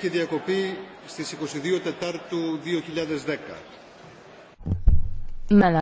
και διακοπή στις 22 Τετάρτου 2010. Μέλα.